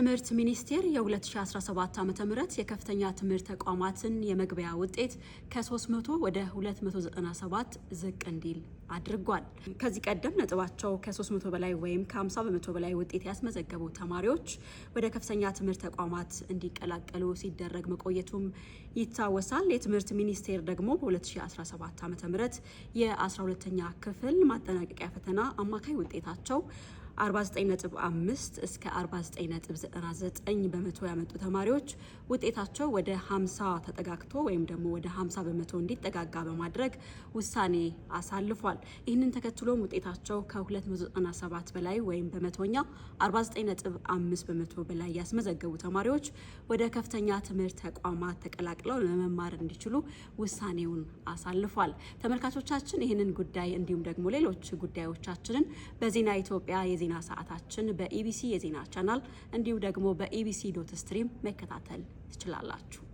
ትምህርት ሚኒስቴር የ2017 ዓ ም የከፍተኛ ትምህርት ተቋማትን የመግቢያ ውጤት ከ300 ወደ 297 ዝቅ እንዲል አድርጓል። ከዚህ ቀደም ነጥባቸው ከ300 በላይ ወይም ከ50 በመቶ በላይ ውጤት ያስመዘገቡ ተማሪዎች ወደ ከፍተኛ ትምህርት ተቋማት እንዲቀላቀሉ ሲደረግ መቆየቱም ይታወሳል። የትምህርት ሚኒስቴር ደግሞ በ2017 ዓ ም የ 12 ኛ ክፍል ማጠናቀቂያ ፈተና አማካይ ውጤታቸው 49.5 እስከ 49.99 በመቶ ያመጡ ተማሪዎች ውጤታቸው ወደ 50 ተጠጋግቶ ወይም ደግሞ ወደ 50 በመቶ እንዲጠጋጋ በማድረግ ውሳኔ አሳልፏል። ተገኝተዋል። ይህንን ተከትሎም ውጤታቸው ከ297 በላይ ወይም በመቶኛ 49.5 በመቶ በላይ ያስመዘገቡ ተማሪዎች ወደ ከፍተኛ ትምህርት ተቋማት ተቀላቅለው ለመማር እንዲችሉ ውሳኔውን አሳልፏል። ተመልካቾቻችን ይህንን ጉዳይ እንዲሁም ደግሞ ሌሎች ጉዳዮቻችንን በዜና ኢትዮጵያ የዜና ሰዓታችን በኢቢሲ የዜና ቻናል እንዲሁም ደግሞ በኢቢሲ ዶት ስትሪም መከታተል ትችላላችሁ።